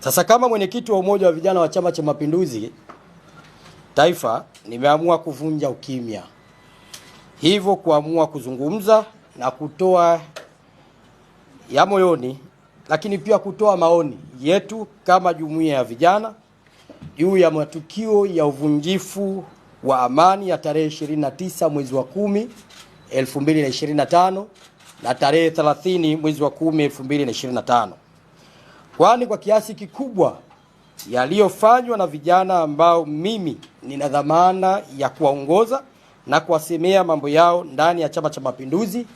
Sasa kama mwenyekiti wa umoja wa vijana wa Chama cha Mapinduzi taifa, nimeamua kuvunja ukimya, hivyo kuamua kuzungumza na kutoa ya moyoni, lakini pia kutoa maoni yetu kama jumuiya ya vijana juu ya matukio ya uvunjifu wa amani ya tarehe 29 mwezi wa 10 2025 na tarehe 30 mwezi wa 10 2025 kwani kwa kiasi kikubwa yaliyofanywa na vijana ambao mimi nina dhamana ya kuwaongoza na kuwasemea mambo yao ndani ya Chama cha Mapinduzi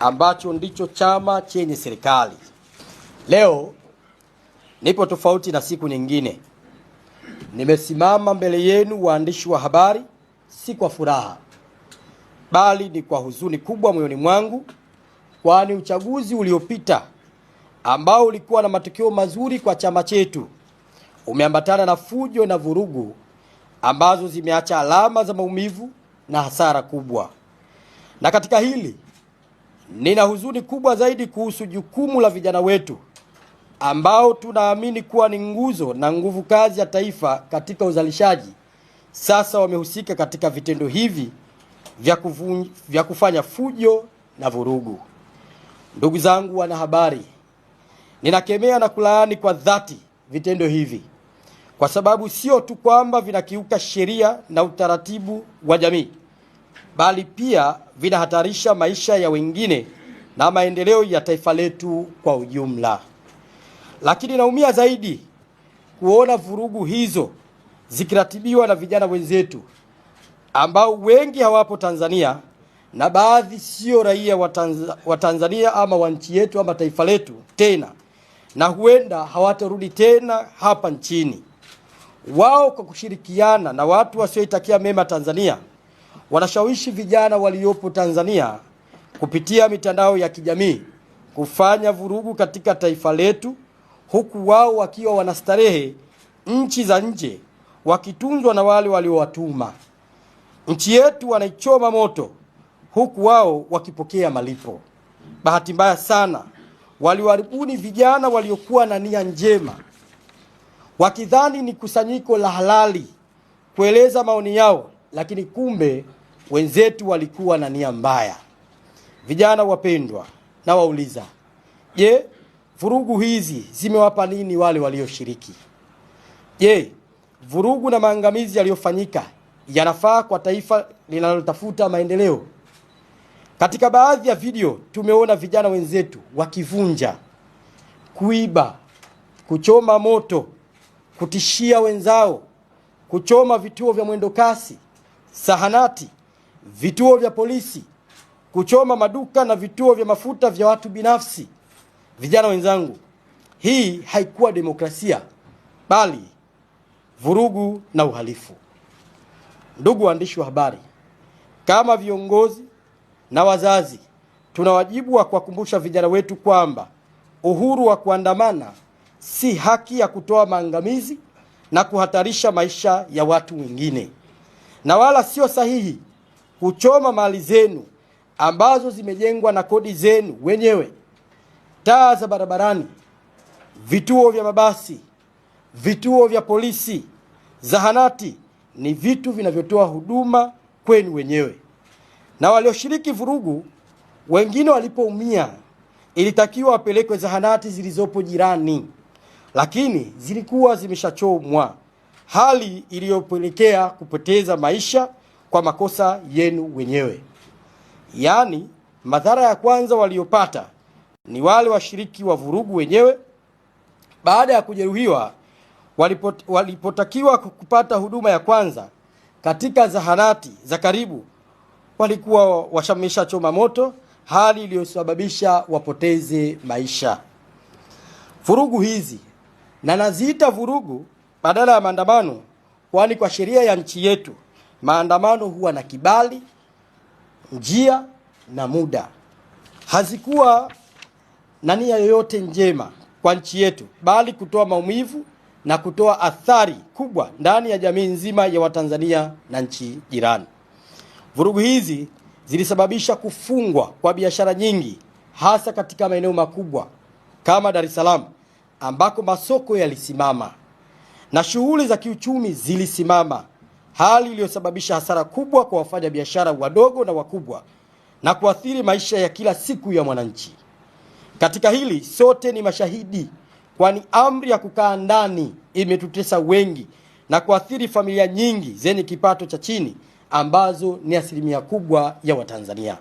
ambacho ndicho chama chenye serikali. Leo nipo tofauti na siku nyingine, nimesimama mbele yenu waandishi wa habari, si kwa furaha, bali ni kwa huzuni kubwa moyoni mwangu, kwani uchaguzi uliopita ambao ulikuwa na matokeo mazuri kwa chama chetu umeambatana na fujo na vurugu ambazo zimeacha alama za maumivu na hasara kubwa. Na katika hili nina huzuni kubwa zaidi kuhusu jukumu la vijana wetu ambao tunaamini kuwa ni nguzo na nguvu kazi ya taifa katika uzalishaji, sasa wamehusika katika vitendo hivi vya, kufu, vya kufanya fujo na vurugu. Ndugu zangu wanahabari, Ninakemea na kulaani kwa dhati vitendo hivi kwa sababu sio tu kwamba vinakiuka sheria na utaratibu wa jamii, bali pia vinahatarisha maisha ya wengine na maendeleo ya taifa letu kwa ujumla. Lakini naumia zaidi kuona vurugu hizo zikiratibiwa na vijana wenzetu ambao wengi hawapo Tanzania na baadhi sio raia wa Tanzania ama wa nchi yetu ama taifa letu tena na huenda hawatarudi tena hapa nchini. Wao kwa kushirikiana na watu wasioitakia mema Tanzania wanashawishi vijana waliopo Tanzania kupitia mitandao ya kijamii kufanya vurugu katika taifa letu, huku wao wakiwa wanastarehe nchi za nje, wakitunzwa na wale waliowatuma. Nchi yetu wanaichoma moto, huku wao wakipokea malipo. Bahati mbaya sana waliwaribuni vijana waliokuwa na nia njema, wakidhani ni kusanyiko la halali kueleza maoni yao, lakini kumbe wenzetu walikuwa na nia mbaya. Vijana wapendwa, nawauliza, je, vurugu hizi zimewapa nini wale walioshiriki? Je, vurugu na maangamizi yaliyofanyika yanafaa kwa taifa linalotafuta maendeleo? Katika baadhi ya video tumeona vijana wenzetu wakivunja, kuiba, kuchoma moto, kutishia wenzao, kuchoma vituo vya mwendokasi, sahanati, vituo vya polisi, kuchoma maduka na vituo vya mafuta vya watu binafsi. Vijana wenzangu, hii haikuwa demokrasia bali vurugu na uhalifu. Ndugu waandishi wa habari, kama viongozi na wazazi, tuna wajibu wa kuwakumbusha vijana wetu kwamba uhuru wa kuandamana si haki ya kutoa maangamizi na kuhatarisha maisha ya watu wengine, na wala sio sahihi kuchoma mali zenu ambazo zimejengwa na kodi zenu wenyewe. Taa za barabarani, vituo vya mabasi, vituo vya polisi, zahanati ni vitu vinavyotoa huduma kwenu wenyewe na walioshiriki vurugu wengine walipoumia, ilitakiwa wapelekwe zahanati zilizopo jirani, lakini zilikuwa zimeshachomwa, hali iliyopelekea kupoteza maisha kwa makosa yenu wenyewe. Yaani, madhara ya kwanza waliopata ni wale washiriki wa vurugu wenyewe, baada ya kujeruhiwa walipot, walipotakiwa kupata huduma ya kwanza katika zahanati za karibu walikuwa washamisha choma moto, hali iliyosababisha wapoteze maisha. Vurugu hizi na naziita vurugu badala ya maandamano, kwani kwa sheria ya nchi yetu maandamano huwa na kibali, njia na muda. Hazikuwa na nia yoyote njema kwa nchi yetu, bali kutoa maumivu na kutoa athari kubwa ndani ya jamii nzima ya Watanzania na nchi jirani. Vurugu hizi zilisababisha kufungwa kwa biashara nyingi hasa katika maeneo makubwa kama Dar es Salaam ambako masoko yalisimama na shughuli za kiuchumi zilisimama, hali iliyosababisha hasara kubwa kwa wafanyabiashara wadogo na wakubwa na kuathiri maisha ya kila siku ya mwananchi. Katika hili sote ni mashahidi, kwani amri ya kukaa ndani imetutesa wengi na kuathiri familia nyingi zenye kipato cha chini ambazo ni asilimia kubwa ya Watanzania.